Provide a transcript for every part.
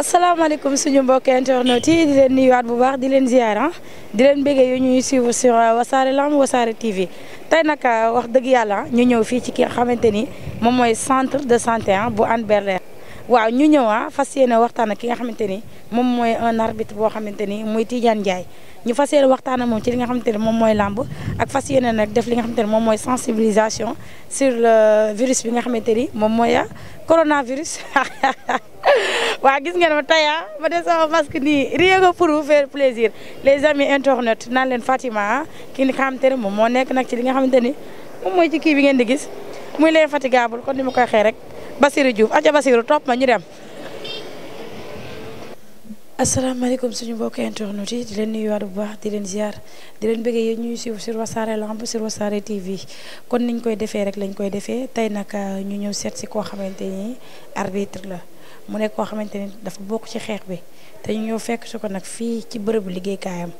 asalaamaaleykum suñu mbokki internet yi di leen nuyuwaat bu baax di leen ziar ah. di leen bëggee yu ñuy suivre sur euh, wasaare lamb wasaare TV tey nag euh, wax dëgg yàlla ñu ñëw fii ci ki nga xamante ni moom mooy centre de santé ah, bu Hann bel waaw ñu ñëw ah, fas yéene waxtaan ak ki nga xamante ni moom mooy un arbitre boo xamante ni muy Tidiane Ndiaye ñu fas yéene waxtaan ak moom ci li nga xamante ni moom mooy làmb ak fas yéene nag def li nga xamante ni moom mooy sensibilisation sur le virus bi nga xamante ni moom mooy euh, coronavirus waa gis ngeen ma tey ah ma def sama masque nii rien que pour vous faire plaisir les amis internautes naan leen Fatima ah, ki ni xamante ne moom moo nekk nag ci li nga xamante ni moom mooy ci kii bi ngeen di gis muy leen l'infatigable kon ni ma koy xee rek Basirou Diouf aca Basirou topp ma ñu dem. asalaamaaleykum suñu mbokk internet yi di leen nuyuwaat bu baax di leen ziar di leen bëggee yéen ñuy suivre sur Wassare Lamb sur Wassare TV kon niñ koy defee rek lañ koy defee tey nag euh, ñu ñëw seet si koo xamante ni arbitre la. mu nekk koo xamante ni dafa bokk ci xeex bi te ñu ñëw fekk su ko nag fii ci bërëbu liggéeykaayam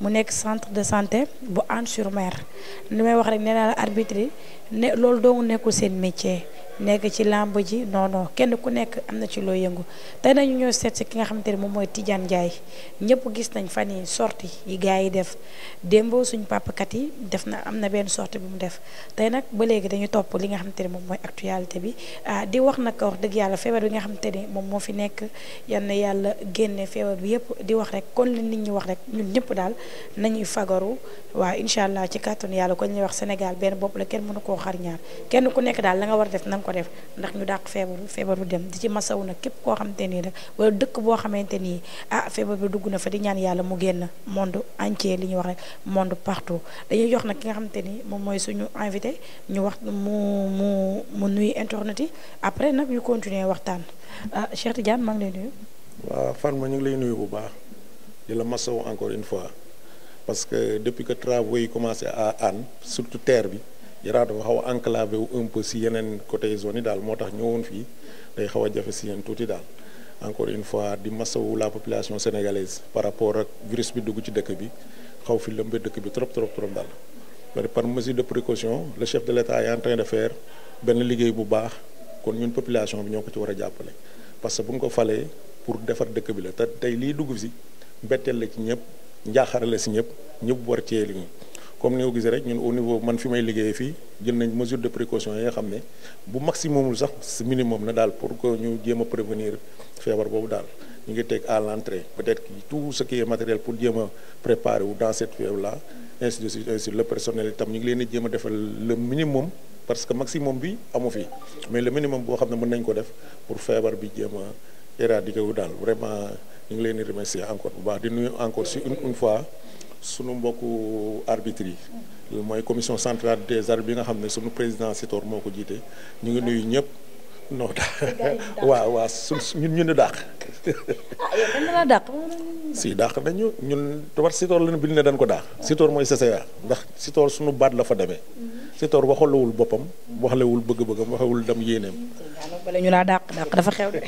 mu nekk centre de santé bu Hann sur Mer may wax rek nee naa la arbitre ne loolu doomu nekkul seen métier nekk ci làmb ji non kenn ku nekk am na ci loo yëngu te nañu ñoo seet si ki nga xamante ne moom mooy Tidiane jaay ñëpp gis nañ fa yi sorti yi gars yi def démboo suñu pàppkat yi def na am na benn sortie bu mu def tey nag ba léegi dañu topp li nga xamante ne moom mooy bi ah di wax nag wax dëgg yàlla feebar bi nga xamante ne moom moo fi nekk yal na yàlla génne feebar bi yëpp di wax rek kon li nit ñi wax rek ñun ñëpp daal nañuy fagaru waaw incha allah ci kàttanu yàlla kon ñuy wax Sénégal benn bopp la kenn mënu koo xar ñaar kenn ku nekk daal la nga war def ko def ndax ñu dàq feebar feebar bu dem di ci masawu nag képp koo xamante nii rek wala dëkk boo xamante nii ah feebar bi dugg na fa di ñaan yàlla mu génn monde entier li ñuy wax rek monde partout dañuy jox nag ki nga xamante ni moom mooy suñu invité ñu wax mu mu mu nuy internet yi après nag ñu continuer waxtaan ah Cheikh Tidiane maa ngi lay nuyu. waaw Fatma ñu lay nuyu bu baax di la masawu encore une fois parce que depuis que travaux yi commencé à Hann surtout terre bi. Yaraax dafa xaw a enclavé wu un peu si yeneen côté zone yi daal moo tax ñëwoon fii day xaw a jafe si yéen tuuti daal encore une fois di masawu la population sénégalaise par rapport ak virus bi dugg ci dëkk bi xaw fi lëmbe dëkk bi trop trop trop daal mais par mesure de précaution le chef de l'État est en de faire benn liggéey bu baax kon ñun population bi ñoo ko ci war a jàppale parce que bu nga ko falee pour defar dëkk bi la te tey lii dugg si mbetteel la ci ñëpp njaaxare si ñëpp ñëpp war cee li comme ni nga gisee rek ñun au niveau man fi may liggéeyee fii jël nañ mesure de précaution yi nga xam ne bu maximumul sax minimum na daal pour que ñu jéem a prévenir feebar boobu daal ñu ngi teg à l'entrée peut-être que tout ce qui matériel pour jéem a préparer wu dans cette fièvre là ainsi de suite personnel itam ñu ngi leen di jéem a defal le minimum parce que maximum bi amu fi mais le minimum boo xam ne mën nañ ko def pour feebar bi jéem a éradiquer wu daal vraiment ñu ngi leen di remercier bu baax di nuyu encore si fois. sunu mbokku arbitres yi mooy commission centrale des arbitres bi nga xam ne sunu président Sitor moo ko jiite ñu ngi nuyu ñëpp non waaw waaw suñ ñun ñu dàq. ah dàq. si dàq nañu ñun war Sitor lañu bind ne dañ ko dàq. Sitor mooy CCA ndax Sitor sunu baat la fa demee. Sitor waxalewul boppam waxalewul bëgg-bëggam waxewul dem yéeneem. bala ñu laa dàq dàq dafa xew de.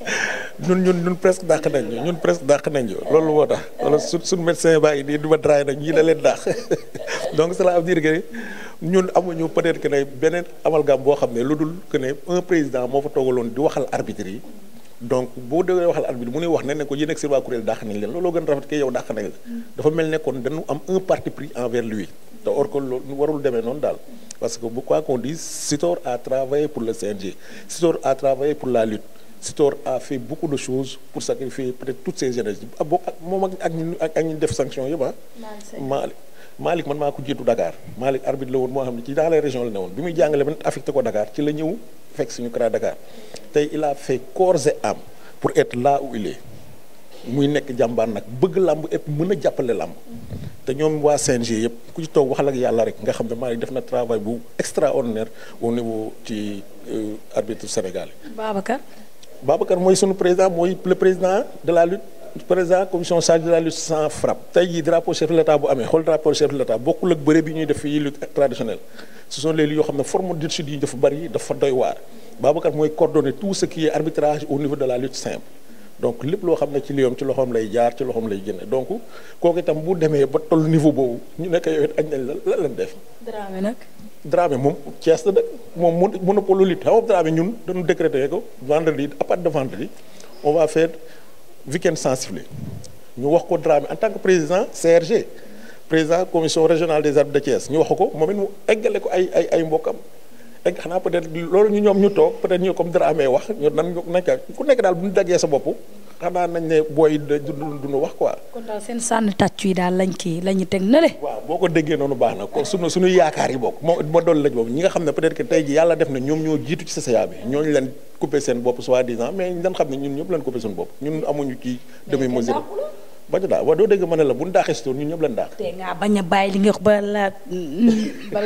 ñun ñun ñun presque dàq nañ ñu ñun presque dàq nañ ñu loolu moo tax wala suñ suñ médecin baa ngi nii du ma draay nag ñii la leen dàq donc cela veut dire que ñun amuñu peut-être que ne beneen amalgame boo xam ne lu dul que ne un président moo fa toogaloon di waxal arbitre yi. donc boo déggee waxal arbitre mu ne wax ne ne ko yéen ak seen waa kuréel dàq nañ leen looloo gën rafet ke yow dàq mel ne kon dañu am un parti pris envers lui. te or ko loolu warul demee noonu daal parce que bu quoi qu'on dise Sitor a travaillé pour le CNG Sitor a travaillé pour la lutte Sitor a fait beaucoup de choses pour sacrifier peut-être toutes ses énergies ah boo ak moom ak ak ñu def sanction yëpp ah. man maa ko jiitu Dakar Malick la woon moo xam ne ci dans les régions ne woon bi muy jàngale ba affecté ko Dakar ci la ñëw fekk suñu CRA Dakar tey il a fait corps et âme pour être là où il muy nekk jàmbaar nag bëgg làmb et mën a jàppale làmb te ñoom waa CNG yëpp ku ci toog waxal ak yàlla rek nga xam ne maa def na travail bu extraordinaire au niveau ci euh, arbitre Sénégal yi. Babacar. Babacar mooy sunu président mooy le président de la lutte. président commission chargée de la lutte sans frappe tey jii drapeau chef de l'État bu amee xool drapeau chef de l'État bokkul ak bëre ñuy def fii lutte traditionnelle ce sont les yoo xam ne forme d'étude dafa bari dafa doy waar Babacar mooy coordonner tout ce qui est au niveau de la lutte simple donc lépp loo xam ne ci liyoom ci loxoom lay jaar ci loxoom lay génne donc kooku tam bu demee ba toll niveau boobu ñu nekk yow it añ nañ la lan def. Dramé nag. Dramé moom Thiès la dëkk moom mu monopole lutte xam nga Dramé ñun dañu décréter ko vendredi à partir de vendredi on va faire week-end sensible ñu wax ko Dramé en tant que président CRG président commission régionale des arbitres de Thiès ñu wax ko moom it mu eggale ko ay ay ay mbokkam. rek xanaa peut-être loolu ñu ñoom ñu toog peut-être ñu comme Dramé wax ñu nan nañ ka ku nekk daal bu ñu daggee sa bopp xanaa nañ ne booy dund dund wax quoi. kon daal seen sànni tàccu yi daal lañ kii lañu teg na le. boo ko déggee noonu baax na kon suñu suñu yaakaar yi bokk moo ma doon lañ boobu ñi nga xam ne peut-être que tey ji yàlla def na ñoom ñoo jiitu ci CCA bi ñooñu leen coupé seen bopp soi-disant mais dañ xam ne ñun ñëpp leen coupé suñu bopp ñun amuñu ci bañ a daax waaw doo dégg ma ne la bu ñu daaxee si tool ñun ñëpp daax. tey ngaa bañ a bàyyi li nga wax ba la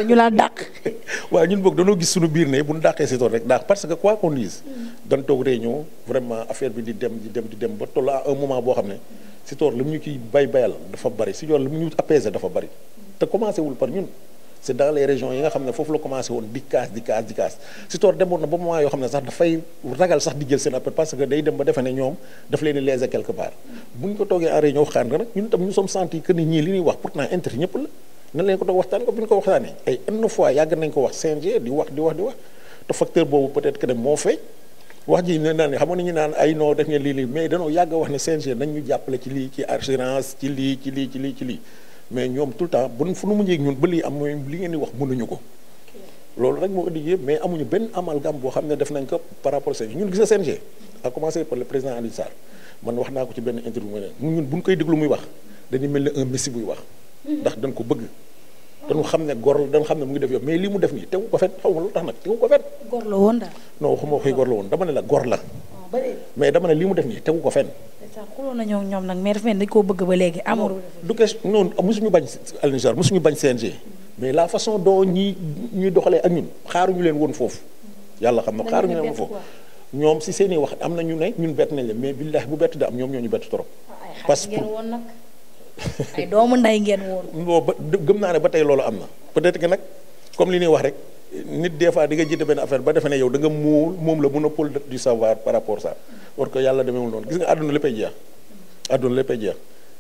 ñu laa dàq. waaye ñun boog danoo gis suñu biir ne bu ñu daaxee si tool rek daax parce que quoi qu'on dise. Mm. dañ toog réunion vraiment affaire bi di dem di dem di dem ba toll à un moment boo xam ne si tool li mu ñu kiy bay bayal dafa bari si yoon li mu ñu apaiser dafa bari te commencé par ñun. c' est dans les régions yi nga xam ne foofu la commencé woon di kaas di kaas di kaas Sitor demoon na ba moment yoo xam ne sax dafay ragal sax di jël seen appel parce que day dem ba defe ne ñoom daf leen di léser quelque part bu ñu ko toogee en réunion la nan leen ko toog waxtaan ko bu ñu ko waxtaanee ay une fois yàgg nañ ko wax CNG di wax di wax di wax te facteur boobu peut-être que ne moo feeñ wax ji ne naan xamoon nañu naan ay noo def ngeen lii yàgg wax ne CNG nañ jàppale ci ci assurance ci lii ci lii ci lii ci lii mais ñoom tout le temps bu fu nu mujjee ñun ba lii am mooy li ngeen di wax mënuñu ko. loolu rek moo indi mais amuñu benn amalgame boo xam ne def nañ ko par rapport CNG ñun gis na a à par le président Alioune man wax naa ko ci benn interview mu ñun bu ñu koy déglu muy wax dañuy mel ne un messie buy wax. Mm-hmm. ndax dañ ko bëgg. dañu xam ne gor la dañu xam ne mu ngi def yow mais lii mu def nii tegu ko fet xaw ma lu tax nag tegu ko fet. gor la woon daal. gor la. mais dama ne li mu def nii tegu ko fenn. xuloon nañoo ak ñoom nag mais dafa mel dañ koo bëgg ba léegi amul. du question non mosuñu bañ Alioune Sarr mosuñu bañ CNG. mais la façon doo ñi ñuy doxalee ak ñun xaaruñu leen woon foofu. yàlla xam na xaaruñu leen woon foofu. ñoom si seen i wax am na ñu ne ñun bett nañ leen mais billahi bu bett da am ñoom ñoo ñu bett trop. parce que doomu nday ngeen woon. non ba gëm naa ne ba tey loolu am na peut-être nag comme li ñuy wax rek nit des fois di nga jiite benn affaire ba defe ne yow da nga moom moom la monopole du savoir par rapport ça war ko yàlla demewul noonu gis nga àdduna léppay jeex àdduna léppay jeex.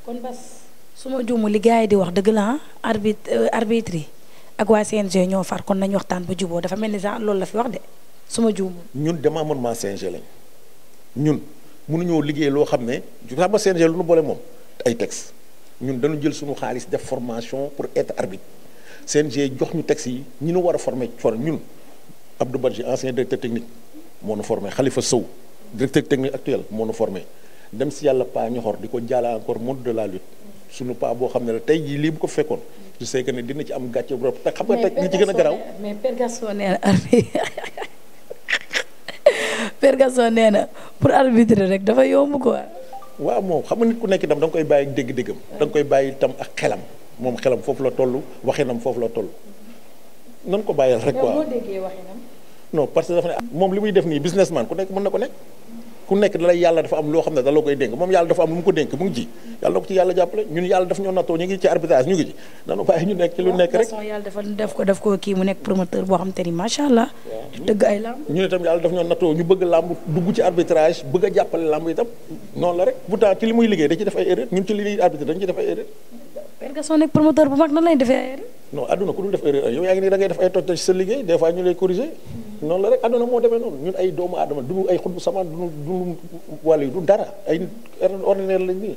kon bas su ma juumu li di wax dëgg la ah arbitre euh, arbitre yi ak waa CNG ñoo far kon nañu waxtaan ba juboo dafa mel ni sax loolu la fi wax de su ma juumu. ñun damaa mën maa CNG lañ ñun mënuñoo liggéey loo xam ne xam nga CNG lu nu boole moom ay texte ñun dañu jël suñu xaalis def formation pour être arbitre. CNG jox ñu texte yi ñu nu war a formé for ñun Abdou Badji ancien directeur technique moo na formé xalifa Sow directeur technique actuel moo na formé dem si yàlla pa ñoxor di ko jaala encore monde de la lutte suñu pa boo xam ne la tey jii lii bu ko fekkoon je sais ne dina ci am gàcce bu te xam nga tey li ci gën a garaaw mais pergason nee na nee na pour arbitrer rek dafa yomb ko waaw moom xam nga nit ku nekk itam da koy bàyyi dégg-déggam da nga koy bàyyi itam ak xelam moom xelam foofu la toll waxinam foofu la toll nan ko bàyyil rek waaw boo déggee waxinam non parce que dafa ne moom li muy def nii businessman ku nekk mën na ko nekk ku nekk dalay yàlla dafa am loo xam ne da koy dénk moom yàlla dafa am lu mu ko dénk mu ngi ji yàlla na ko ci yàlla ñoo nattoo ñu ngi ci arbitrage ñu ngi ci nanu bàyyi nekk nekk rek yàlla dafa def ko def ko kii mu nekk promoteur boo xam te ni macha allah dëgg ay làmb ñu ne itam yàlla daf ñoo nattoo ñu bëgg làmb dugg ci arbitrage bëgg a jàppale làmb noonu la rek pourtant ci li muy da ci def ay Gaston nekk promoteur bu mag na lay defee erreur non adduna ku def erreur yow yaa ngi nii da def ay toj toj sa liggéey des fois ñu lay corriger noonu la rek adduna moo demee noonu ñun ay doomu aadama duñu ay xutbu samaan duñu duñu wàllu du dara ay ordinaire lañ nii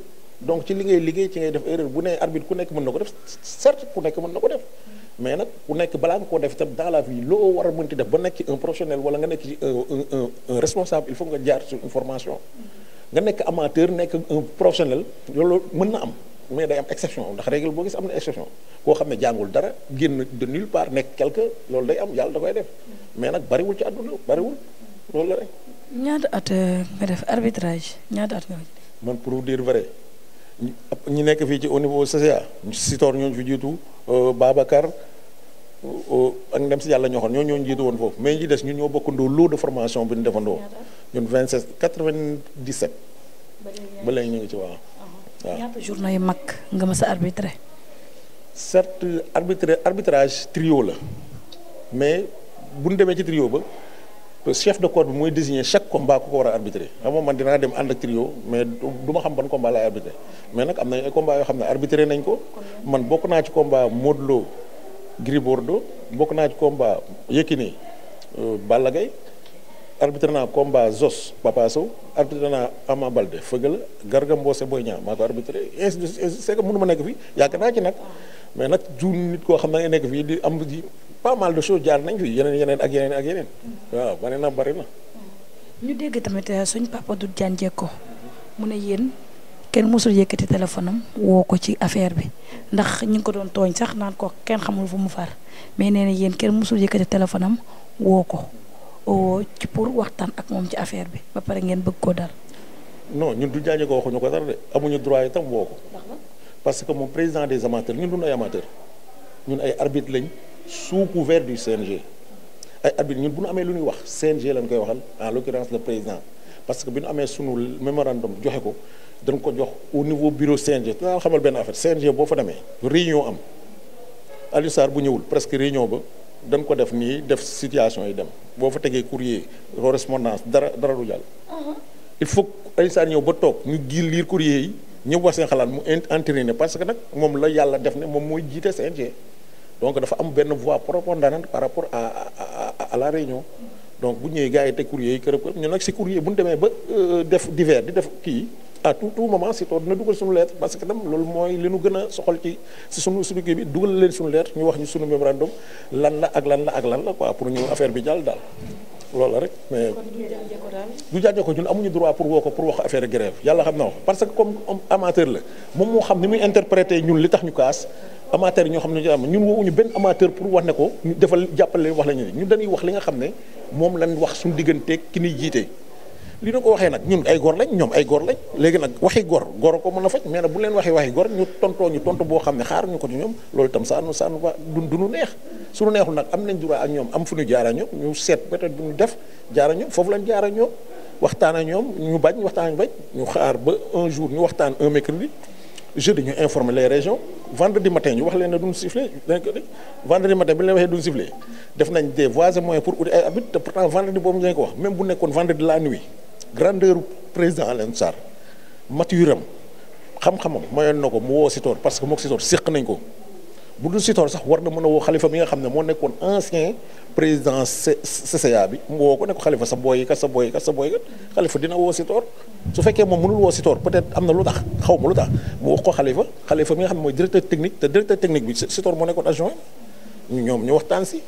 donc ci li ngay liggéey ci ngay def erreur bu nee arbitre ku nekk mën na ko def certes ku nekk mën na ko def mais nag ku nekk balaa nga koo def itam dans la loo war a mënti def ba nekk ci un professionnel wala nga nekk ci un un nga jaar sur formation nga nekk amateur nekk un professionnel mën na am mais day am exception ndax règle boo gis am na exception koo xam ne jàngul dara génn de nulle part nekk quelque loolu day am yàlla da koy def mais nag bariwul ci àdduna bariwul loolu la rek. ñaata euh, ñaata at nga man pour dire vrai ñi nekk fii ci au niveau CCA si toor ñooñu fi jiitu euh, Babacar euh, ak ndem si yàlla ñoo xam ñoo ñooñu jiitu woon foofu mais ñi des ñun ñoo bokkandoo lot de formation bi ñu defandoo ñun 27 97. ba léegi ñu ngi ci waaw. waaw ñaata journée yu mag nga mës a arbitré. certes arbitre arbitrage trio la mais bu ñu demee ci trio ba chef de corps bi mooy désigner chaque combat ku ko war a arbitrer xam nga man dinaa dem ànd ak trio mais du ma xam ban combat laay arbitrer mais nag am na ay combat yoo xam ne arbitré nañ ko man bokk naa ci combat Modou Lo Gris Bordeaux bokk naa ci combat Yékini euh, Balla Gaye arbitre naa combat Zos Papa Sow arbitre naa Ama Balde fëgg la Garga Mbossé Boy Niang maa ko arbitré ainsi de mais nag juun nit koo xam ne nga nekk fii di am di pas mal de choses jaar nañ fi yeneen yeneen ak yeneen ak yeneen waaw na bari na. ñu dégg tamit euh, suñ papa du ko mu ne yéen kenn mësul yëkkati téléphone am woo ko ci affaire bi ndax ñu ngi ko doon tooñ sax naan ko kenn xamul fu mu far mais nee na yéen kenn mësul yëkkati téléphone am woo ko. oo ci pour waxtaan ak moom ci affaire bi ba pare ngeen bëgg koo dal. non ñun du jaañu ko waxuñu ko dara de amuñu droit yi tam woo ko. parce que moom président des amateurs ñun duñu ay amateurs ñun ay arbitre lañ sous couvert du CNG. ay arbitre ñun bu ñu amee lu ñuy wax CNG lañ koy waxal en l'occurrence le président parce que bi ñu amee sunu mémorandum joxe ko dañ ko jox au niveau bureau CNG dinaa xamal benn affaire CNG boo fa demee réunion am Alioune Sarr bu ñëwul presque réunion ba. dañ ko def nii def situation yi dem boo fa tegee courrier correspondance dara dara du jàll. Uh-huh. il faut ay saa ñëw ba toog ñu gi lii courrier yi ñëw wax seen xalaat mu entériné parce que nag moom la yàlla def ne moom mooy jiite CNG donc dafa am benn voix prépondérante par rapport à à à, à la réunion. donc bu ñëwee gars yi teg courrier yi kërëb kërëb ñu nag si courrier bu ñu demee ba euh, def divers di def kii. à tout tout moment si tool dina dugal suñu lettre parce que tam loolu mooy li nu gën a soxal ci si suñu suñu kii bi dugal leen suñu lettre ñu wax ñu suñu mémorandum lan la ak lan la ak lan la quoi pour ñu affaire bi jàll daal loolu la rek mais du jàjjo ko ñun amuñu droit pour woo ko pour wax affaire grève yàlla xam na wax parce que comme amateur la moom moo xam ni muy interpréter ñun li tax ñu kaas amateur ñoo xam ne ñu am ñun woowuñu benn amateur pour wax ne ko ñu defal jàppale wax la ñun dañuy wax li nga xam ne moom lañ wax suñu digganteeg ki ñuy jiite li na ko waxee nag ñun ay góor lañ ñoom ay góor lañ léegi nag waxi góor góor ko mën a faj mais bu leen waxee waxi góor ñu tontoo ñu tontu boo xam ne xaar ñu ko ci ñoom loolu itam saanu saanu ba du du ñu neex suñu neexul nag am nañ droit ak ñoom am fu ñu jaara ñoom ñu seet méthode bu ñu def jaara ñoom foofu lañ jaara ñoom waxtaan a ñoom ñu bañ waxtaan bañ ñu xaar ba un jour ñu waxtaan un mercredi jeudi ñu informer les régions vendredi matin ñu wax leen ne duñ sifflé vendredi matin bi ñu leen waxee duñ sifflé def nañ des voies et pour uti te pourtant nekkoon vendredi la nuit grandeur président Alioune Sarr mature am xam-xamam mayoon na ko mu woo Sitor parce que mook Sitor séq nañ ko bu dul Sitor sax war na mën a woo xalifa bi nga xam ne moo nekkoon ancien président CCA bi mu woo ko nekk xalifa sa booy kat sa booy kat sa booy kat xalifa dina woo Sitor su fekkee moom munul woo Sitor peut-être am na lu tax xaw ma lu tax mu wax ko xalifa xalifa bi nga xam ne mooy directeur technique te directeur technique bi Sitor moo nekkoon adjoint ñoom ñu waxtaan si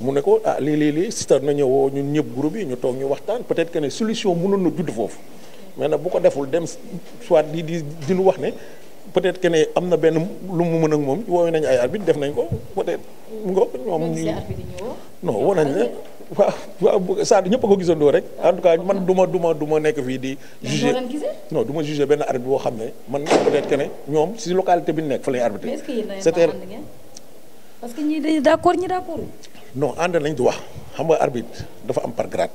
mu ne ko ah lii lii lii Sitor na ñëwoo ñun ñëpp groupe yi ñu toog ñu waxtaan peut-être que ne solution mënoon na judd foofu mais nag bu ko deful dem soit di di di ñu wax ne peut-être am na benn lu mu mën ak moom woowee nañu ay arbitre def nañ ko peut-être mu nga ñoom ñu nañ la waaw waaw saa ñëpp a ko rek en tout cas man du ma du ma nekk fii di jugé non du ma jugé benn arbitre boo xam ne man peut-être si localité bi ñu nekk fa lay ñi dañu ñi d'accord non ànd lañ du wax xam nga arbitre dafa am par grade.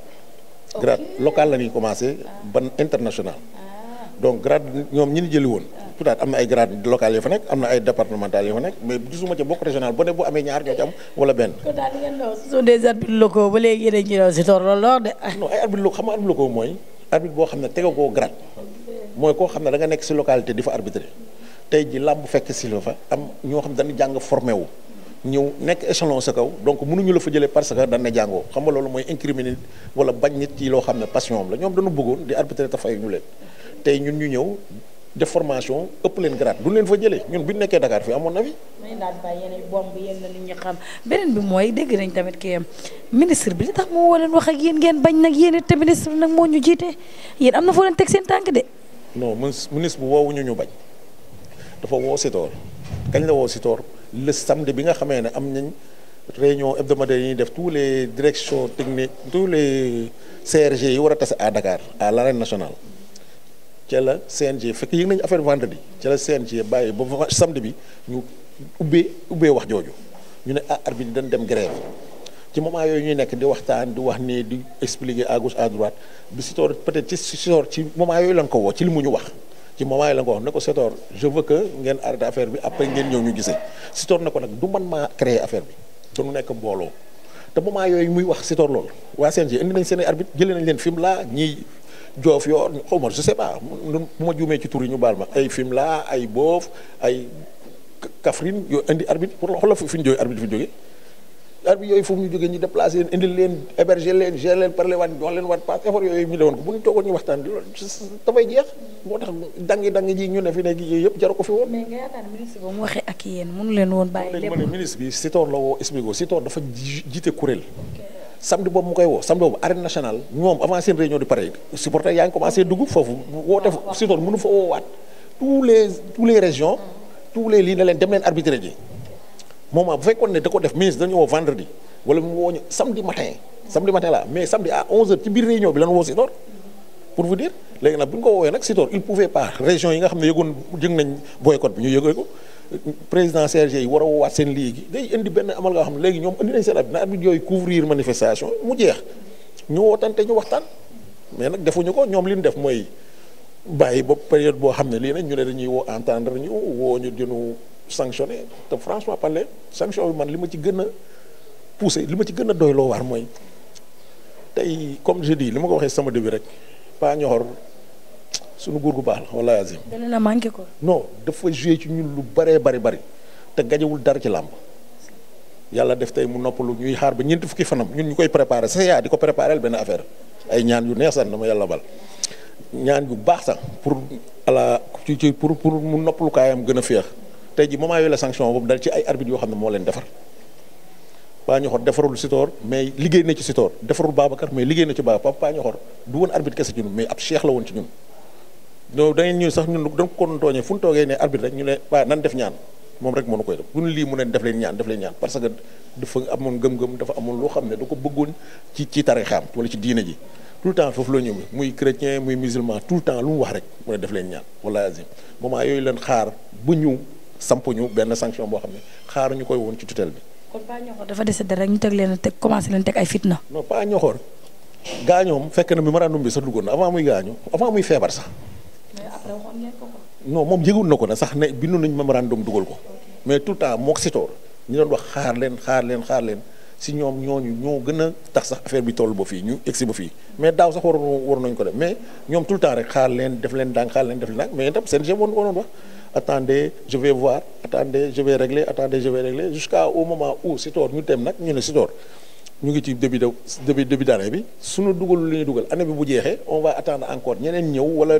grade local la ñuy commencé ah. ban international. Ah. donc grade ñoom ñi ñu jëli woon. peut-être ah. am na ay grade local yoo fa nekk am na ay départemental yoo fa nekk mais gisuma ca bokk régional bu ne bu ñaar ñoo am wala benn. kon daal di ngeen doon ce sont des arbitres locaux ba a ngi si mooy arbitre boo xam ne tege koo grade mooy koo xam ne da nga nekk si localité di fa arbitrer tey ji làmb fekk si la fa am ñoo xam dañu jàng formé wu. ñëw nekk échelon sa kaw donc mënuñu la fa jëlee parce que dañ ne jàngoo xam nga loolu mooy incriminer nit wala bañ nit ci loo xam ne passion am la ñoom dañu bëggoon di arbitrer tafay ñu leen tey ñun ñu ñëw def ëpp leen grade du leen fa jëlee ñun bu ñu nekkee Dakar fii amoon na fi. nañ daan beneen bi mooy dégg nañ tamit kii ministre bi li tax moo woo leen wax ak yéen ngeen bañ nag yéen it te ministre nag moo ñu jiite yéen am na foo leen teg seen tànk de. non bu woowuñu ñu bañ dafa woo Sitor kañ la woo Sitor le samedi bi nga xamee ne am nañ réunion hebdomadaire yi ñuy def tous les directions techniques tous les CRG yi war a tase à Dakar à l'arène nationale ca la CNG fekk yëg nañu affaire vendredi ca la CNG bàyyi ba samedi bi ñu ubbee ubbee wax jooju ñu ne ah arbitre dañ dem grève ci moment yooyu ñuy nekk di waxtaan di wax nii di expliquer à gauche à droite bi si toor peut-être ci si toor moment yooyu lañ ko woo ci li mu ñu wax. ci moment yi la nga wax ne ko Sitor je veux que ngeen arrêté affaire bi après ngeen ñëw ñu gisee Sitor ne nag du man maa créé affaire bi dañu nekk mbooloo te moment yooyu muy wax Sitor loolu waa CNG indi nañ seen arbit jëlee nañ leen film laa ñiy joof yoor xaw ma je pas bu ma juumee ci tur ñu baal ma ay film laa ay boof ay Kaffrine yoo indi arbitre pour xoolal fi ñu jógee arbitre fi ñu arbitre yooyu foofu ñu jógee ñu déplacé leen indil leen héberger leen gérer leen parler waat doon leen waat pass effort yooyu ñu dewoon ko bu ñu toogoon ñu waxtaan loolu dafay jeex moo tax dangi dangi ji ñu ne fi nekk yooyu yëpp jaru ko fi woon. mais nga mu ne ministre bi Sitor la woo expliqué Sitor dafa jiite kuréel. samedi boobu mu koy woo samedi boobu arène nationale ñoom avant seen réunion di pare supporter yaa ngi commencé dugg foofu woote ah, Sitor mënu fa woowaat moment bu fekkoon ne da ko def ministre dañu woo vendredi wala mu woo ñu samedi matin samedi matin la mais samedi à 11h ci biir réunion bi lan woo Sitor pour vous dire léegi nag bu ñu ko woowee nag Sitor il pouvait pas région yi nga xam bi ñu yëgee ko président CRG yi war a woowaat seen léegi day indi benn amal nga xam ne léegi ñoom indi nañ seen ab na abit yooyu couvrir manifestation mu jeex ñu woo wootante ñu waxtaan mais nag defuñu ko ñoom li ñu def mooy bàyyi boobu période boo xam ne lii nag ñu ne dañuy woo entendre ñu woo ñu dinu sanctionné te franchement parler sanction bi man li ma ci gën a poussé li ma ci gën a doy waar mooy tey comme je li ma ko waxee sama début rek pas ñoxor suñu góor gu baax la wala azim. dana ko. non dafa joué ci ñun lu bëree bari bari te gañewul dara ci làmb yàlla def tey mu noppalu ñuy xaar ba ñeenti fukki fanam ñun ñu koy préparé sa yaa di ko préparé benn affaire ay ñaan yu neex sax dama yàlla bal ñaan yu baax sax pour ala ci pour pour mu noppalu kaayam gën a féex. tey ji moment yooyu la sanction boobu dal ci ay arbitre yoo xam ne moo leen defar Paa Ñoxor defarul Sitor mais liggéey na ci Sitor defarul Babacar mais liggéey na ci Babacar Paa Ñoxor du woon arbitre kese ci ñun mais ab cheikh la woon ci ñun ñoo da ngeen ñuy sax ñun da ko doon tooñee fu ñu toogee ne arbitre rek ñu ne waa nan def ñaan moom rek mënu koy def bu ñu lii mu ne def leen ñaan def leen ñaan parce que dafa amoon gëm-gëm dafa amoon loo xam ne da ko bëggoon ci ci tarixaam wala ci diine ji tout le temps foofu la ñëw muy chrétien muy musulman tout le temps lu mu wax rek mu ne def leen ñaan wala azim moment yooyu leen xaar bu ñëw sampuñu benn sanction boo xam ne xaar ñu koy woon ci tutelle bi. kon Paa Ñoxor dafa desate rek ñu teg leen teg commencé leen teg ay fitna. non Paa Ñoxor gaañoom fekk na mémorandum bi sax duggoon na avant muy gaañu avant muy feebar sax. mais après waxoon ngeen ko ko. non moom yëgul na ko na sax ne bindu nañ mémorandum dugal ko. mais tout le temps moog Sitor ñu doon wax xaar leen xaar leen xaar leen si ñoom ñooñu ñoo gën a tax sax affaire bi toll ba fii ñu egsi ba fii mais daaw sax waroon waroon nañ ko def mais ñoom tout le temps leen def leen daan xaar def leen mais itam seen jeu woon woon attendez je vais voir attendez je vais régler attendez je vais régler jusqu'à au moment où Sitor ñu dem nag ñu ne Sitor ñu ngi ci début de début début d'année bi suñu dugalul li ñuy dugal année bi bu jeexee on va attendre encore ñeneen ñëw wala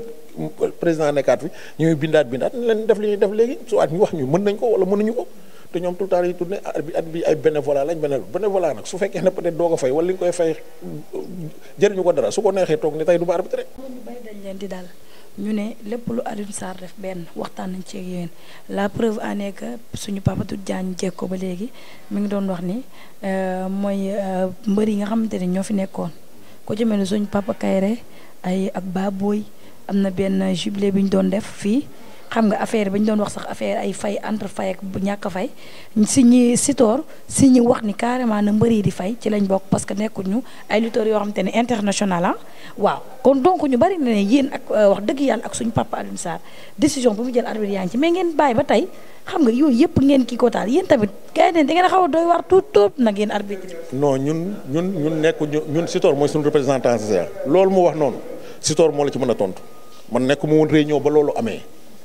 président nekkaat fi ñuy bindaat bindaat leen def li ñuy def léegi su at ñu wax ñu mën nañ ko wala mënuñu ko te ñoom tout le temps dañuy tourné ah, at bi at bi ay bénévolat lañ benn bénévolat nag su fekkee ne peut-être doo ko fay wala li nga koy fay ko dara su ko neexee toog ne tey du ma arbitré. dañ leen di dal. ñu ne lépp lu Alioune Sarr def benn waxtaan nañ ci ak yéen la preuve en est que suñu papa Doudou Diagne Diecko ba léegi mu ngi doon wax ni euh, mooy euh, mbër yi nga xamante ni ñoo fi nekkoon ko ci mel ni suñu papa Kayre ay ak Baboy am na benn jubilé bi ñu doon def fii. xam nga affaire bi ñu doon wax sax affaire ay fay entre fay ak bu ñàkk a fay si ñi sitoor si ñi wax ni carrément na mbëri di fay ci lañ bokk parce que nekkuñu ay lutteurs yoo xamante ne international ah. waaw kon donc ñu bari na ne yéen ak euh, wax dëgg yàlla ak suñu papa Alioune Sarr décision bu mu jël arbitre yaa ngi ci mais ngeen bàyyi ba tey xam nga yooyu yëpp ngeen kii ko taal yéen tamit gars yi da xaw a doy waar tuut tuut nag yéen arbitre. non ñun ñun ñun nekkuñu ñun sitoor mooy suñu représentant loolu mu wax noonu sitoor moo la ci a tontu man nekk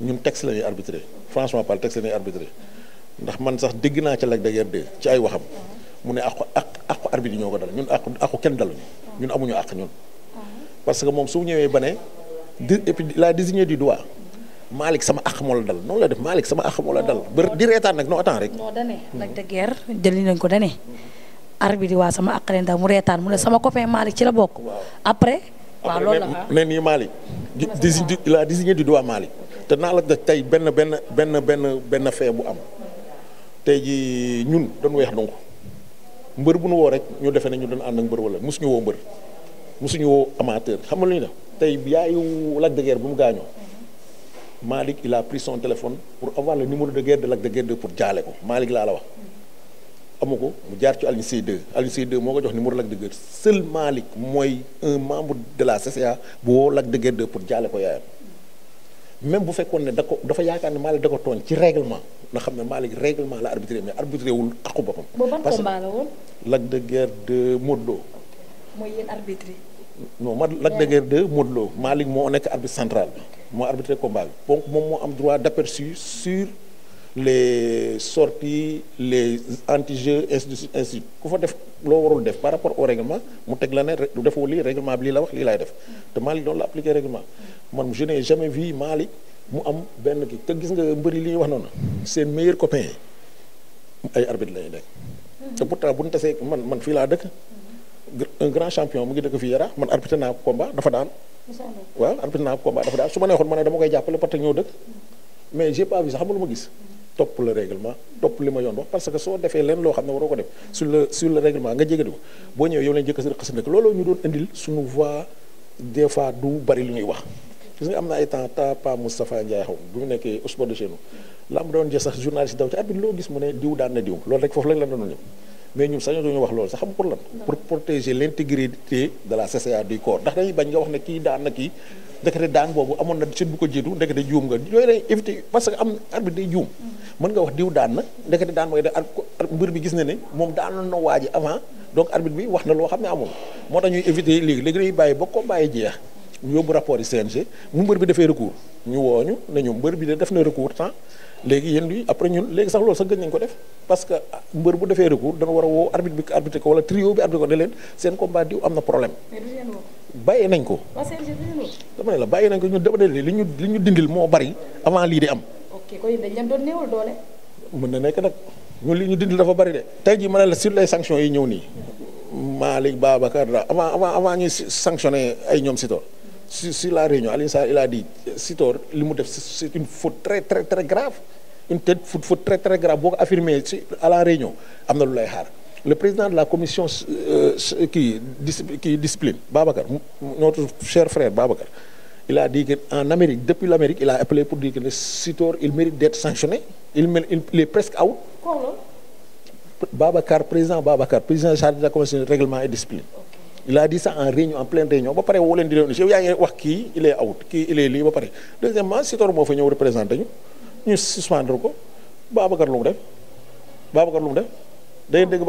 ñun texte la ñuy arbitré franchement parle texte la ñuy ndax man sax dégg naa ca Lac de Guiers ci ay waxam mu ne àqu àq àqu arbitre yi ñoo ko dal ñun àqu àqu kenn daluñu ñun amuñu àq ñun parce que moom su ñëwee ba ne di et puis la désigné du doigt Malick sama àq moo la dal noonu la def Malick sama àq moo la dal di reetaan nag non attends rek non dane Lac de Guiers jëli nañ ko dane arbitre waa sama àq leen dal mu reetaan mu ne sama copain Malick ci la bokk après waaw loolu la ne la désigné du doigt Malick te naa la daj tey benn benn benn benn benn fee bu am tey ji ñun dañu weex donc mbër bu nu woo rek ñu defee ne ñu doon ànd ak mbër wala mosuñu woo mbër mosuñu woo amateur xam nga lu tey yaayu Lac de bu mu gaañoo Malick il a pris son téléphone pour avoir le numéro de guerre de pour jaale ko Malick laa la wax amu ko mu jaar ci Alioune Seye 2 Alioune Seye 2 moo ko jox numéro Lac de Guiers seul Malick mooy un membre de la CCA bu woo Lac de Guiers 2 pour jaale ko yaayam même bu fekkoon ne da ko dafa yaakaar ne Malick da ko tooñ ci réglement na xam ne Malick règlement la arbitré mais arbitré wul aqu boppam. parce que boobu ban combat la woon. Lac de Guiers de Modou Lo. mooy moo nekk arbitre central moo arbitré ko bi donc moom moo am droit d'aperçu sur. les sorties les anti-jeux ainsi ku fa def loo warul def par rapport au règlement mu teg la ne du defoo lii règlement bi lii la wax lii lay def te Malick doon la appliqué règlement man je n'ai jamais vu Malick mu am benn kii te gis nga mbëri li ñuy wax noonu seen meilleur copain ay arbitre la ñuy te bu ñu tasee man man fii laa dëkk un grand champion mu ngi dëkk fii Yara man arbitre naa combat dafa daan waaw arbitre naa combat dafa daan su ma neexoon ma ne dama koy jàppale parce que ñoo dëkk mais j'ai pas vu sax xam nga lu ma gis topp le réglement topp li ma yoon wax parce que soo defee leen loo xam ne waroo ko def sur le sur le règlement nga jégadi ko boo ñëwee yow lañ jëkk si xas nekk looloo ñu doon indil suñu voix des fois du bari lu ñuy wax gis nga am na ay temps ta pa Moustapha Ndiaye xaw bu ñu nekkee sport de chez nous la doon jë sax journaliste daw ci abit loo gis mu ne diw daan na diw loolu rek foofu lañ la doon ñëw mais ñun sañoo wax loolu sax xam pour lan pour protéger l'intégrité de la CCA du corps ndax dañuy bañ nga wax ne kii daan na kii ndekete daan boobu amoon na sit bu ko jiitu ndekete juum nga yooyu lay éviter parce que am arbitre day juum mën nga wax diw daan na ndekete daan mooy de bi gis na ne moom daanoon na waa ji avant donc arbitre bi wax na loo xam ne amul moo tax ñuy éviter léegi léegi dañuy bàyyi ba ko bàyyi jeex yóbbu rapport yi CNG mu mbër bi defee recours ñu wooñu nañu mbër bi de def na recours temps léegi yéen bi après ñun léegi sax loolu sax gën nañ ko def parce que mbër bu defee recours dana war a woo arbitre bi arbitre ko wala trio bi arbitre ko ne leen seen combat diw am na problème bàyyi nañ ko dama ne la bàyyi nañ ko ñu dama ne li ñu li ñu dindil moo bari avant lii di am ok koy dañ leen doon néewal doole mën na nekk nag ñun li ñu dindil dafa bari de tey jii ma ne la sur les sanctions yi ñëw nii Malick Babacar avant avant avant ñuy sanctionné ay ñoom si tool sur, la réunion Alioune Sarr il a dit li mu def c'est une faute très très très grave une telle faute faute très boo ko à la réunion am na lu lay xaar le président de la commission euh, euh, kii kii discipline Babacar notre cher frère Babacar il a dit que en Amérique depuis l'Amérique il a appelé pour dire que ne Sitor il mérite d'être sanctionné il mérite il est presque out. Babacar président Babacar président chargé commission règlement et discipline. il a dit en réunion en pleine réunion ba pare woo leen di leen yow yaa ngi wax kii il est out kii il lii ba pare deuxièmement Sitor moo fa ñu ko Babacar lu mu def Babacar lu mu def day dégg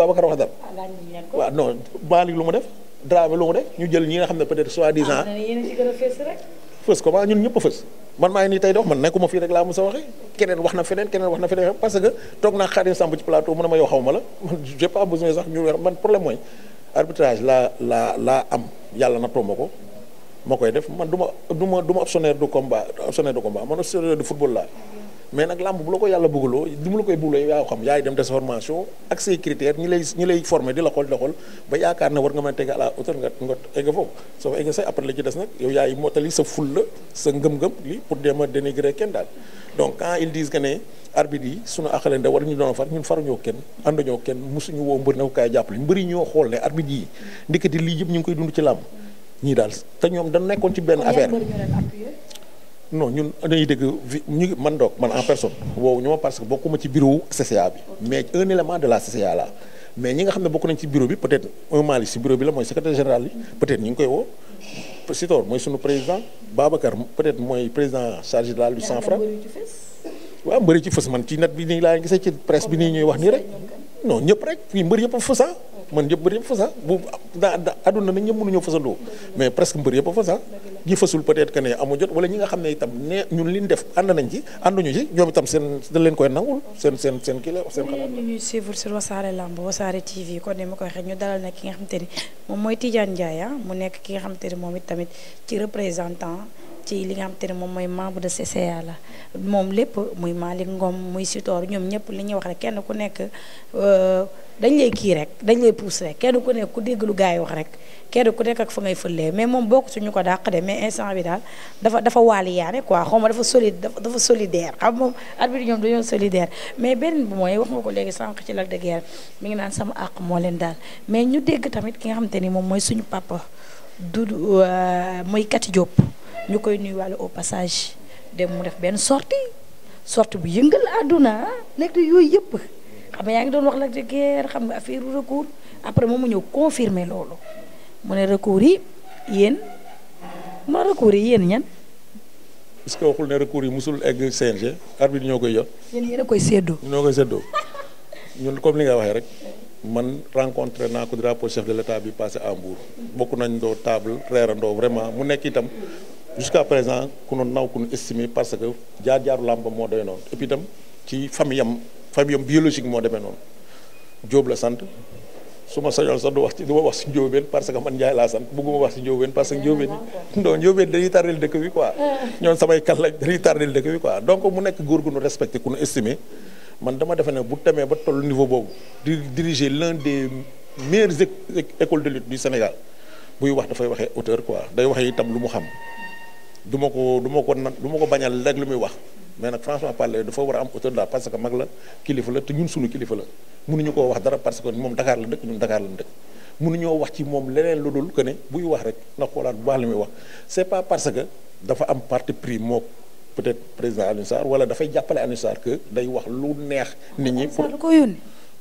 lu mu def Dramé ñu jël ñi nga xam ne peut-être soi-disant. Ah, yéen a ci gën a fës rek. fës comment ñun ñëpp a fës man maa ngi nii tey dox man nekkuma fii rek laa mos a waxee keneen wax na feneen keneen wax na feneen parce que toog naa Xadim Samb ci plateau mu ne ma yow la sax ñu man problème mooy arbitrage laa laa laa am yàlla na tomba ko ma koy def man du ma du ma du ma optionnaire de combat man optionnaire de football laa mais nag làmb bu la ko yàlla bëggaloo du mu la koy bëggaloo yaa yaay dem des formation ak say critères ñi lay ñi di la xool la xool ba yaakaar ne war nga mën a teg à la hauteur nga nga egg foofu soo egg sax après la ci des nag yaay mottali sa ful sa ngëm-ngëm li pour dem a dénigrer kenn daal donc quand ils disent que ne arbitre yi sunu àqaleen da war ñu doon far ñun faruñoo kenn ànduñoo kenn musuñu woo mbër ne ko kaay jàppale mbëri ñoo xool ne arbitre yi ndikati lii yëpp ñu ngi koy dund ci làmb ñii daal te ñoom dañu nekkoon ci benn affaire non ñun dañuy dégg ñu man doog man en parce que bokkuma ci bureau CCA bi mais un mais ñi nga xam ne bokk nañ ci bureau bi peut-être un mali ci bureau bi la mooy secrétaire général bi peut-être ñu ngi koy woo Sitor mooy sunu président Babacar peut-être mooy président chargé de la lutte sans franc waaw mbëri ci fës man ci net bi nii laa gisee ci presse bi nii ñuy wax nii rek non ñëpp rek fii mbër yëpp a fës ah. man ñëpp mbër yëpp fës ah. bu daa àdduna mbër yëpp a fës ah. ñi fësul peut-être que ne amu jot wala ñi nga xam ne itam ne ñun liñ def ànd nañ ci ànduñu ci ñoom itam seen dañ leen koy nangul seen seen seen kii ne ñu dalal na ki nga xamante ni moom mooy Tidiane Ndiaye mu nekk ki nga xamante ni moom it tamit ci représentant ci li nga xam te ne moom mooy membre de CCA la moom lépp muy Malick Ngom muy Sitor ñoom ñëpp li ñuy wax rek kenn ku nekk euh, dañ lay kii rek dañ lay pousse rek kenn ku nekk ku dégg lu gars yi wax rek kenn ku nekk ak fa ngay fëlee mais moom bokk suñu ko dàq de mais instant bi daal dafa dafa waali yaane quoi xaw ma dafa solide dafa dafa solidaire xam moom arbitre ñoom mais benn mooy wax nga ko léegi sànq ci Lac de Guiers mi ngi naan sama àq moo leen daal mais ñu dégg tamit ki nga xamante ni moom mooy suñu papa du euh, mooy Kati Diop ñu koy nuyuwaale au passage dem mu def benn sortie sortie bu yëngal àdduna léegi yooyu yëpp xam nga yaa ngi doon wax Lac de xam nga affaire recours après moom mu ñëw confirmer loolu mu ne recours yi yéen mu ne recours yi yéen ñan. parce que waxul ne recours yi musul egg CNG arbitre ñoo koy jot. yéen yéen a koy seddo ñoo koy séddoo ñun comme li nga waxee rek. man rencontré naa ko drapeau chef de l' état bi passé à bokk nañ doo table reerandoo vraiment mu nekk itam jusqu'à présent ku nu naw ku nu estimé parce que jaar-jaaru làmba moo doy noonu et ci famille am famille am biologique moo demee noonu Jóob la sant su ma sañoon sax du wax ci du ma wax si njóobeen parce que man Njaay laa sant bëgguma wax si njóobeen parce que njóobeen yi non njóobeen dañuy tardel dëkk bi quoi ñoom samay kan lañ dañuy tardel dëkk bi quoi donc mu nekk góor gu nu respecté ku nu estimé man dama defe ne bu temee ba toll niveau boobu di diriger l'un des meilleures écoles de lutte du Sénégal buy wax dafay waxee auteur quoi day waxee itam lu mu xam duma ko du ma ko du ma ko bañal rek lu muy wax mais nag franchement parler dafa war a am hauteur la parce que mag la kilifa la te ñun suñu kilifa la mënuñu koo wax dara parce que moom Dakar la dëkk ñun Dakar la dëkk mënuñoo wax ci moom leneen lu dul que ne buy wax rek na xoolaat bu baax li muy wax c'est pas parce que dafa am parti pris moo peut-être président Alioune Sarr wala dafay jàppale Alioune Sarr que wax lu neex nit ñi pour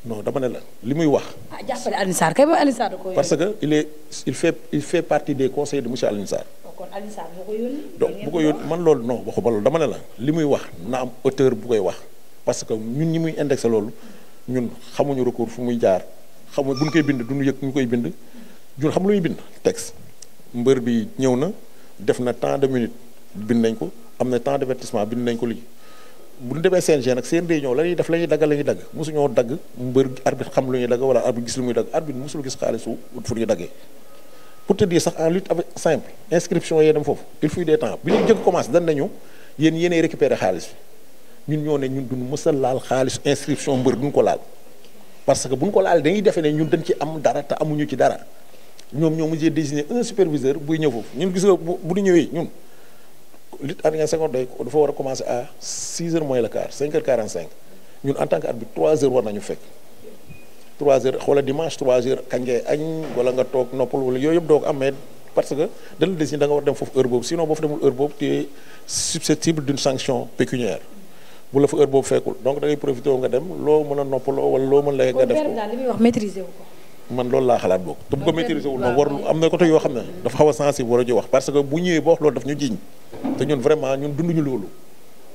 non dama ne la li muy wax. ah jàppale Alioune Sarr kay ba Alioune Sarr parce que il est il fait il fait partie des conseils de monsieur Alioune kon Alioune Sarr moo donc bu ko yoon man loolu non waxu ba loolu dama ne la li muy wax na am auteur bu koy wax parce que ñun ñi muy indexé loolu ñun xamuñu recours fu muy jaar xamu bu ñu koy bind du ñu yëg ñu koy bind ñun xam lu ñuy bind texte mbër bi ñëw na def na tant de minutes bind nañ ko am na tant d'avertissement bind nañ ko lii. bu ñu demee CNG nag seen réunion la ñuy def la ñuy dagg la ñuy dagg mosuñoo dagg mbër arbitre xam lu ñuy dagg wala arbitre gis lu muy dagg arbitre mosul gis xaalis fu fu ñuy daggee. pour te dire sax en lutte avec simple inscription yee dem foofu il faut des temps bi ñu jëkk commencé dan nañu yéen yéenay récupérer xaalis bi ñun ñoo ne ñun duñ mës a laal xaalis inscription mbër duñ ko laal parce que bu buñ ko laal dañuy defee ne ñun dañ ci am dara te amuñu ci dara ñoom ñoo mujjee désigner un superviseur buy ñëw foofu ñun gis nga bu ñu ñëwee ñun lutte arien cinquante day dafa war a commencer à 6 heures moins le quart 5 heures 45 ñun en tant que arbitre 3 heures war fekk trois heures xoola dimanche trois heures kañ ngay añ wala nga toog noppal wala yooyu yëpp doo ko am mais parce que dañ la désigné da nga war dem foofu heure boobu sinon boo fa demul heure boobu tu es d'une sanction pécuniaire bu la fa heure boobu fekkul donc da ngay nga dem loo mën a noppaloo wala loo mën la nga def man loolu laa xalaat boobu. te bu ko nag war am na côté yoo xam ne dafa xaw a sensible war a jo wax parce que bu ñëwee boo wax loolu daf ñu jiñ te ñun vraiment loolu.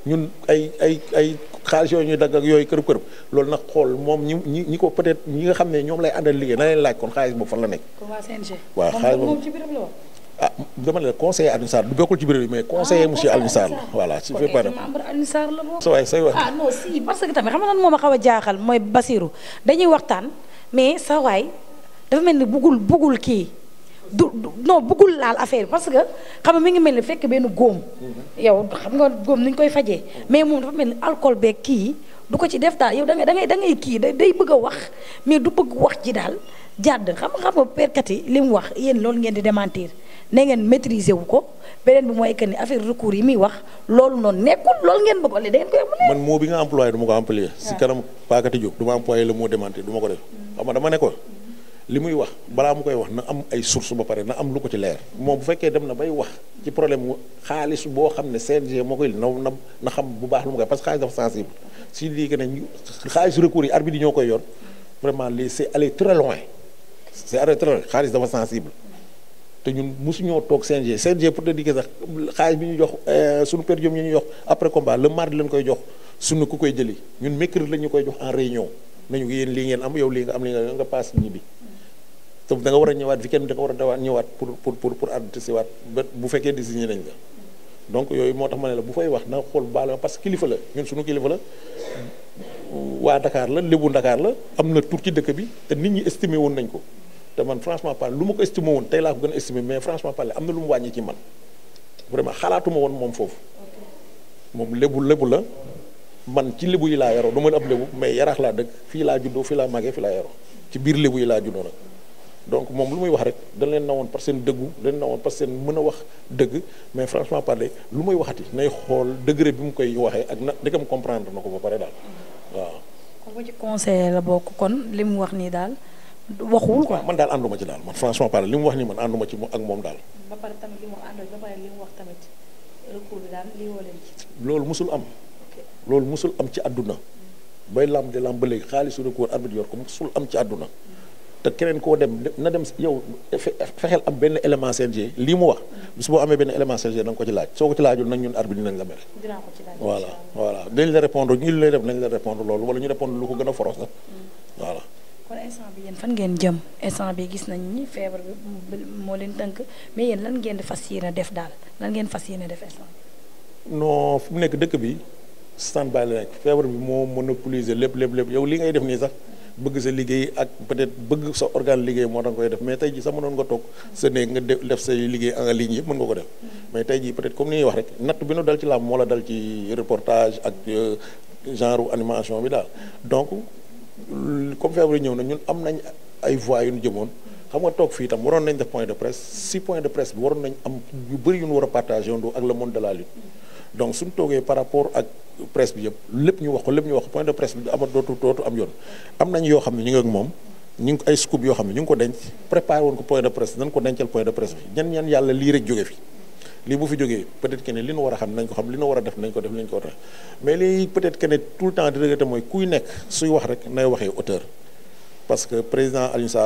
ñun ay ay ay xaalis yooyu ñuy dagg ak yooyu kërëb kërëb loolu na xool moom ñi ñi ñi ko peut-être ñi nga xam ne ñoom lay àndal liggéey na leen laaj kon xaalis boobu fan la nekk. waa xaalis boobu la ah dama ne la conseiller Alioune Sarr du bokkul ci biir mais conseiller ah, monsieur Alioune Sarr la voilà par ah, si parce que tamit xam nga lan moo ma xaw a jaaxal mooy Basirou dañuy waxtaan mais sa waay dafa mel ni bugul bugul kii du non bëggul laal affaire parce que xam nga mi ngi mel ni fekk benn góom. yow xam nga góom ni ñu koy fajee. mais moom dafa mel ni alcool beeg kii du ko ci def daal yow da ngay da da ngay kii day bëgg a wax mais du bëgg wax ji daal jàdd xam nga xam nga perkat yi li mu wax yéen loolu ngeen di démentir ne ngeen maîtriser wu ko beneen bi mooy que ni affaire recours yi muy wax loolu noonu nekkul loolu ngeen bëgg wala da ngeen koy am. man mot bi nga employé du ma ko employé. si ah. kanam paakati Diop du ma employé le mot du ko li muy wax balaa mu koy wax na am ay source ba pare na am lu ko ci leer moom bu fekkee dem na bay wax ci problème mu xaalis boo xam ne CNG moo koy naw na na xam bu baax lu mu koy parce que xaalis dafa sensible si lii que ne xaalis recours yi arbitre yi ñoo koy yor vraiment lii c' est aller très loin c' est aller très loin xaalis dafa sensible toog CNG CNG pour te dire sax bi ñu jox euh, suñu per diem ñu ñu jox après combat le mardi lañ koy jox suñu ku koy jëli ñun mercredi la ñu koy jox en réunion nañu yéen lii ngeen am yow lii nga am li nga nga paas ñibbi te da nga war a ñëwaat bi da nga war a dawaat ñëwaat pour pour pour pour àdduna si waat ba bu fekkee désigné nañ la donc yooyu moo tax ma ne la bu fay wax na xool baal parce que kilifa la ñun suñu kilifa la waa Dakar la lébu ndakaar la am na tur ci dëkk bi te nit ñi estimé woon nañ ko te man franchement parlé lu ma ko estimé woon tey laa ko gën a estimé mais franchement parlé am na lu mu wàññi ci man vraiment xalaatuma woon moom foofu moom lébu lébu la man ci lébu yi laa yaroo du ma ab mais yaraax laa dëkk fii laa juddoo fii laa màggee fii laa yaroo ci biir lébu yi laa juddoo donc moom lu muy wax rek dañ leen nawoon par seen dëggu dañ nawoon par seen mën a wax dëgg mais franchement parler lu muy waxati nay xool degré bi mu koy waxee ak na ndegam comprendre na ko ba pare daal waaw. kooku kon li mu wax nii daal waxul ko ah, man daal ànduma ci daal man franchement parler li mu wax nii man ànduma ci ak moom daal. ba loolu musul am. loolu musul am ci àdduna. bay làmb de làmb ba léegi xaalisu recours arbitre yor ko musul am ci àdduna. te keneen koo dem na dem yow fexeel am benn élément CNG lii mu wax bis boo amee benn élément CNG da nga ko ci laaj soo ko ci laajul nag ñun arbitre nañ la mere. dinaa ko ci laaj voilà voilà dañ la répondre ñu lay def nañ la répondre loolu wala ñu répondre lu ko gën a foros sax mm. voilà. kon instant bi yéen fan ngeen jëm instant bi gis nañ ni feebar bi moo leen tënk mais yéen lan ngeen di fas yéene def daal lan ngeen fas yéene def instant bi. non fu mu nekk dëkk bi stand by la nekk feebar bi moo monopoliser lépp lépp lépp yow li ngay def nii sax. bëgg sa liggéey ak peut-être bëgg sa organe liggéey moo tax koy def mais tey ji sax mënoon nga toog sa néeg nga def say liggéey en ligne yëpp mën nga ko def mais tey ji peut-être comme ni ñuy wax rek natt bi nu dal ci làmb moo la dal ci reportage ak euh, genre animation bi daal donc comme feebar ñëw na ñun am nañ ay voies yu ñu jëmoon xam nga toog fii tam waroon nañ def point de presse si point de presse bi waroon nañ am yu bëri yu ñu war a partagé yoon ak le monde donc suñu toogee par rapport ak presse bi yëpp lépp ñu wax ko lépp ñu wax point de presse bi amat dootu dootu am yoon am nañ yoo xam ne ñu ngi ak moom ñu ngi ay scoop yoo xam ne ñu ngi ko denc préparé woon ko point de presse nañ ko dencal point de presse bi ñan ñan yàlla lii rek jóge fi lii bu fi jógee peut-être li nu war a xam nañ ko xam li nu war a def nañ ko def nañ ko def mais lii peut-être que ne tout le temps di regretté mooy kuy nekk suy wax rek nay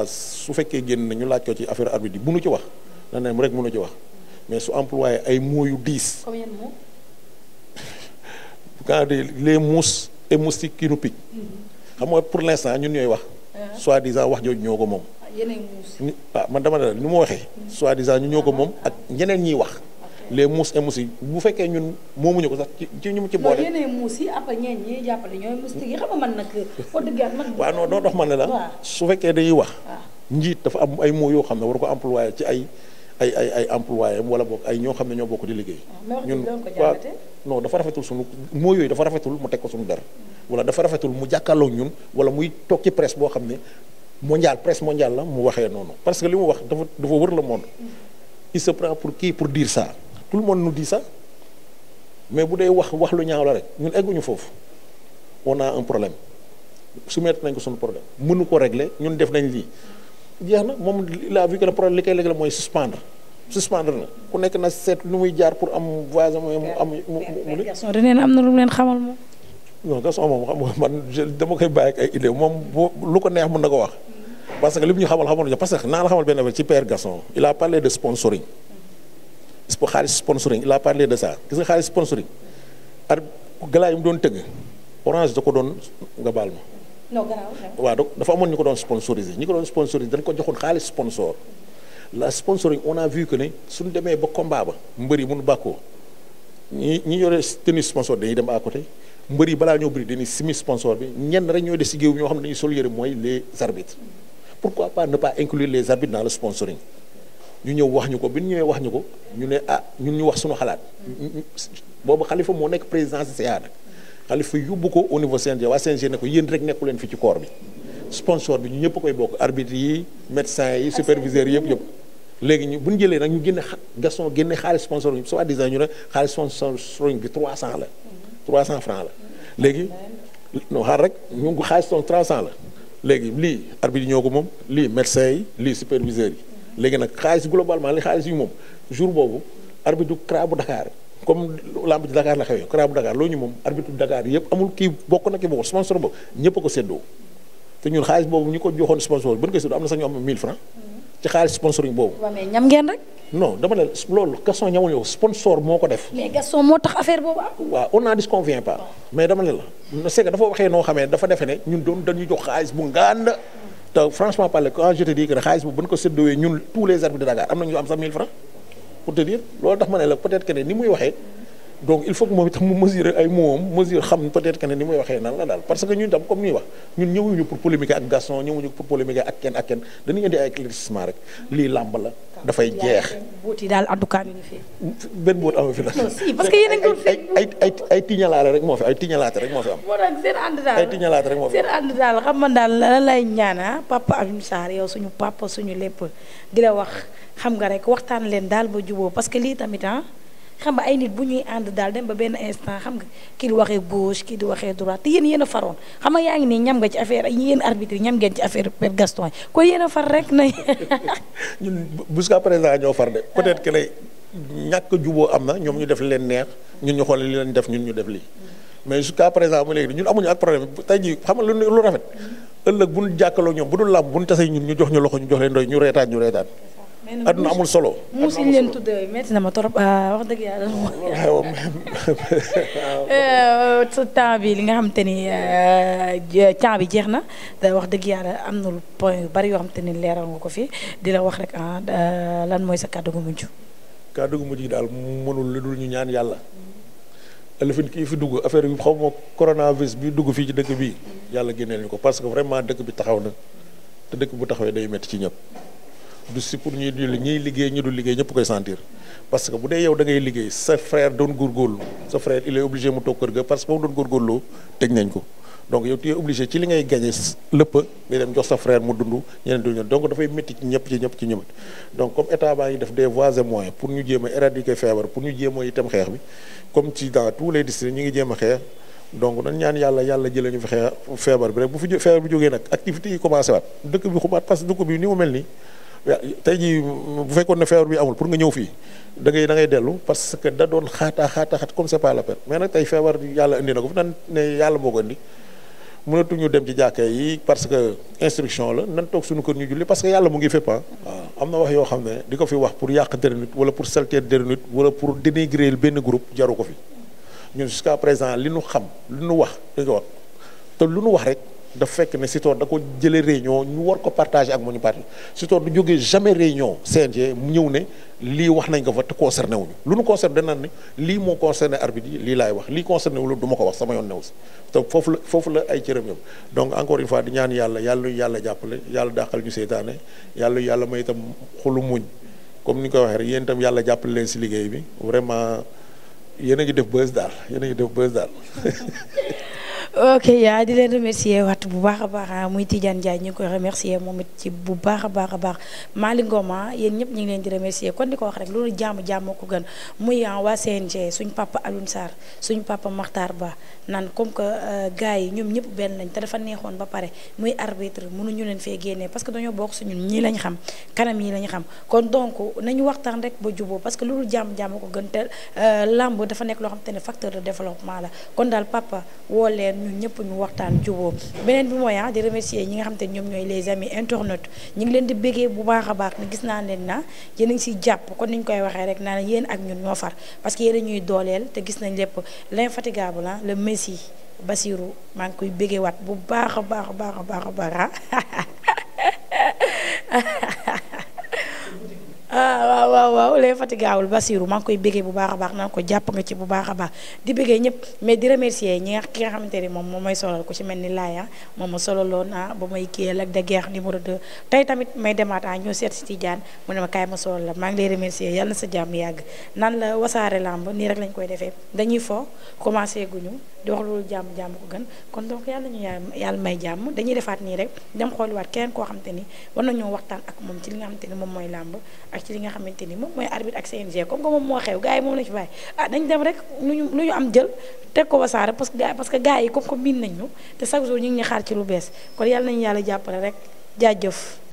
su fekkee génn na laaj ko ci affaire arbitre bi mënu ci wax na ne rek ay mots yu diis. quand les mousses et moustiques qui nous piquent. Mm-hmm. pour l' instant ñun ñooy wax. Uh-huh. soit disant wax jooju ñoo ko moom. Ah, ah, man dama ne ni mu waxee. Mm-hmm. soit disant ñu ñoo ko moom ak uh-huh. ñeneen ñiy wax. les mousses et moustiques bu fekkee ñun moomuñu ko sax ci ci ñu mu ci boole. yeneen mousse yi après ñeen ñi jàppale ñooy moustique yi xam dox man ne la. su fekkee dañuy wax. Ah. njiit dafa am ay mots yoo xam ne war ko employé ci ay. ay ay ay employé wala boog ay ñoo xam ne ñoo bokk di liggéey. Ah, ñun waaw non dafa rafetul sunu moo yooyu dafa rafetul mu teg ko sunu der. Hmm. wala dafa rafetul mu jàkkaarloo ñun wala muy tokki ci boo xam ne mondial presse mondiale la mu waxee noonu parce que li mu wax dafa dafa wër le monde. Hmm. il se prend pour qui pour dire ça. tout le monde nous dit ça mais bu dee wax wax lu ñaaw la rek ñun egguñu foofu on a un problème su mett nañ ko sunu problème mënu ko régler ñun def nañ lii. jeex na moom la a vu que le li koy léegi la mooy suspendre suspendre na ku nekk na seet lu muy jaar pour am voyage am mu am. mu Gaston da neen leen xamal moom. non moom xam nga man dama koy bàyyi ak ay moom lu ko neex mun na ko wax. parce que li mu ñu xamal xamal parce que naa la xamal benn affaire ci Père Gaston il a parlé de sponsoring. xaalis sponsoring il a parlé de ça gis nga xaalis sponsoring. ar galaay yi mu doon tëgg orange da ko doon nga baal ma. non garaaw waaw donc dafa amoon ñu ko doon sponsorisé ñu ko doon sponsorisé dañ ko joxoon xaalis sponsor. la sponsoring on a vu que ne suñu demee ba combat ba mbër yi mun bàkkoo ñi ñu yore tenue sponsor dañuy dem à côté mbër yi balaa ñoo bëri dañuy simi sponsor bi ñeen rek ñooy des si géew ñoo xam ne dañuy sol yëre mooy les arbitres pourquoi pas ne pas inclure les arbitres dans le sponsoring ñu ñëw wax ñu ko bi ñu ñëwee wax ñu ko ñu ne ah ñun ñu wax suñu xalaat boobu xalifa moo nekk président CA nag xalifa yóbbu ko au niveau CNG waa CNG ne ko yéen rek nekku leen fi ci corps bi sponsor bi ñu ñëpp koy bokk arbitre yi médecin yi superviseurs yëpp yëpp léegi ñu bu ñu jëlee nag ñu génne Gaston génne xaalis sponsor bi soit disant ñu ne xaalis sponsor bi 300 la 300 francs la léegi non xaar rek ñu ngi xaalis ton 300 la léegi lii arbitre yi ñoo ko moom lii médecin yi lii superviseurs yi léegi nag xaalis globalement li xaalis yi moom jour boobu arbitre du CRA bu Dakar comme lamb ji Dakar la xewee CRA bu Dakar loo ñu moom arbitre Dakar yëpp amul kii bokk na kii bokk sponsor boobu ñëpp ko séddoo te ñun xaalis boobu ñu ko joxoon sponsor mhm. boobu. ñam ngeen rek. non dama ne loolu Gaston ñamul sponsor moo ko def. mais Gaston moo tax affaire boobu am. waaw on n'en disconvient pas. mais dama ne la c'est dafa waxee noo xamee dafa defe ne ñun doon jox xaalis bu ngand mhm. te franchement parler quand je te dis que xaalis bu ñu pour te loolu tax ma ne la peut ni muy waxee donc il faut que moom itam mu mesurer ay moom mesure xam peut-être que ne ni muy waxee nan la daal parce que ñun tam comme ni wax ñun ñëwuñu pour polémiquer ak Gaston ñëwuñu pour polémiquer ak kenn ak kenn dañuy indi ay éclaircissement rek lii làmb la. dafay jeex buut yi daal en tout cas ñu ngi fi. benn buut ay ay ay tiñalaate rek moo fi ay rek moo fi am. moo tax seen ànd daal ay tiñalaate rek moo fi am. seen ànd xam man daal la lay ñaana ah, papa Alioune Sarr yow suñu papa suñu lépp di la wax xam nga rek waxtaan leen daal ba juboo parce que lii tamit ah, xam nga ay nit bu ñuy ànd daal dem ba benn instant xam nga kii di waxee gauche kii di waxee droite te yéen yéen a faroon xam nga yaa ngi nii ñam nga ci affaire yéen arbitre ñam ngeen ci affaire per Gaston yi kon yéen a far rek na. ñun jusqu'à far de peut-être que lay ñàkk juboo am na ñoom ñu def leen neex ñu ñu xool li leen def ñun ñu def lii. mais jusqu'à présent ba léegi ñun amuñu ak problème tey jii xam nga lu rafet ëllëg bu ñu jàkkaloo ñoom bu dul làmb bu ñu tasee ñun ñu jox ñu loxo ñu jox leen doy ñu reetaan ñu reetaan adduna amul solo. muus yi leen tuddee métti na ma trop ah, wax dëgg yàlla. Oh, euh, sa temps bi li nga xamante ni euh, temps bi jeex na te wax dëgg yàlla am na lu point yu bari yoo xam xamante ni leeral nga ko fi di wax rek ah lan mooy sa kàddu gu mujj. kàddu gu mujj gi daal mënul lu dul ñu ñaan yàlla. ëllëg kii fi dugg affaire bi xaw ma coronavirus bi dugg fii ci dëkk bi yàlla génneel ñu ko parce que vraiment dëkk bi taxaw na te dëkk bu taxawee day métti ci ñëpp. du si pour ñuy julli ñiy liggéey ñu dul liggéey ñëpp koy sentir parce que bu dee yow da liggéey sa frère doon góorgóorlu sa frère il est obligé mu toog kër ga parce que ba mu doon góorgóorloo tëj nañ ko donc yow tu es ci li ngay gagné lépp ngay dem jox sa frère mu dund ñeneen du ñu donc dafay métti ci ñëpp ci ñëpp ci ñëpp donc comme état baa ngi def des voies et moyens pour ñu jéem a éradiquer feebar pour ñu jéem a itam xeex bi comme ci dans tous les ñu ngi jéem a xeex donc nañ ñaan yàlla yàlla jëlee ñu fi xeex feebar bi tey jii bu fekkoon ne feebar bi amul pour nga ñëw fii da ngay da dellu parce que da doon xaataa xaataa xat comme c'est pas la peine mais nag tey feebar yàlla indi na ko fi nan ne yàlla moo ko indi mënatuñu dem ci jàkkee yi parce que instruction la nan toog suñu kër ñu julli parce que yàlla mu ngi fépp ah. waaw am na wax yoo xam ne di ko fi wax pour yàq der nit wala pour salter der nit wala pour dénigrer benn groupe jaru ko fi ñu jusqu'à présent li nu xam li nu wax di ko wax te lu wax rek. dafa fekk ne Sitor da ko jëlee réunion ñu war ko partager ak Manu Party Sitor du jógee jamais réunion CNG mu ñëw ne lii wax nañ ko fa te concerné wuñu lu nu concerné danaan ne lii moo concerné arbitre yi lii laay wax lii concerné wu la du ko wax sama yoon new si te foofu la foofu la ay cëram yëpp donc encore une fois di ñaan yàlla yàlla yàlla jàppale yàlla dàqal ñu seytaane yàlla yàlla may itam xolu muñ comme ni koy waxee rek yéen tam yàlla jàppale leen si liggéey vraiment yéen a ngi def daal yéen a ngi def bës daal ok yaa di leen remercier waat bu baax a baax ah, muy Tidiane Ndiaye ñu ngi koy remercier moom it ci bu baax a baax a baax Mali Ngoma ah, yéen ñëpp ñu ngi leen di remercier kon di ko wax rek loolu jàmm jàmm ko gën muy ah, waa CNG suñ papa Alioune Sarr suñ papa Makhtar Ba naan comme que euh, gars yi ñoom ñëpp benn lañ te dafa neexoon ba pare muy arbitre mënuñu leen fee génnee parce que dañoo bokk suñu ñii lañ xam kanam yi lañ xam kon donc nañu waxtaan rek ba juboo parce que loolu jàmm jàmm ko gën te euh, làmb dafa nekk loo xam te ne facteur de développement la kon daal papa woo leen dem ñun ñëpp ñu waxtaan juboo beneen bi mooy ah di remercier ñi nga xam te ñoom ñooy les amis internautes ñu ngi leen di béggee bu baax a baax ne gis naa leen na yéen a ngi siy jàpp kon ni ñu koy waxee rek naa yéen ak ñun ñoo far parce que yéen a ñuy dooleel te gis nañ lépp l'infatigable ah le messi Basirou maa ngi koy bégewaat bu baax a baax a baax a baax a baax ah waaw waaw waaw les fatigaawul Basiru maa ngi koy bëggee bu baax a baax naan ko jàpp nga ci bu baax a baax di bëggee ñëpp mais di remercier ñi nga nga xamante ni moom moom mooy solal ku ci mel ni laaya ah, moom ma solaloon ah ba may kii Lac de Guiers numéro 2 tey tamit may demaat ah ñoo seet si Tidiane mu kaay ma solal la maa ngi lay sa jàmm yàgg nan la wasaare làmb nii rek lañ koy defee dañuy fo commencé guñu di wax loolu jàmm jàmm ko gën kon donc yàlla ñu yàlla may jàmm dañuy defaat nii rek dem xooliwaat keneen koo xamante ni war nañoo waxtaan moom ci li nga xamante ni moom mooy làmb ak ci li nga xamante ni moom mooy arbitre ak CNG comme que moom moo xew gars yi moom la ci bàyyi ah dañ dem rek lu ñu lu ñu am jël teg ko wasaare parce que parce que gars yi comme que miin nañ ñu te chaque jour ñu ngi ñu xaar ci lu bees kon yàlla nañu yàlla jàppale rek jaajëf.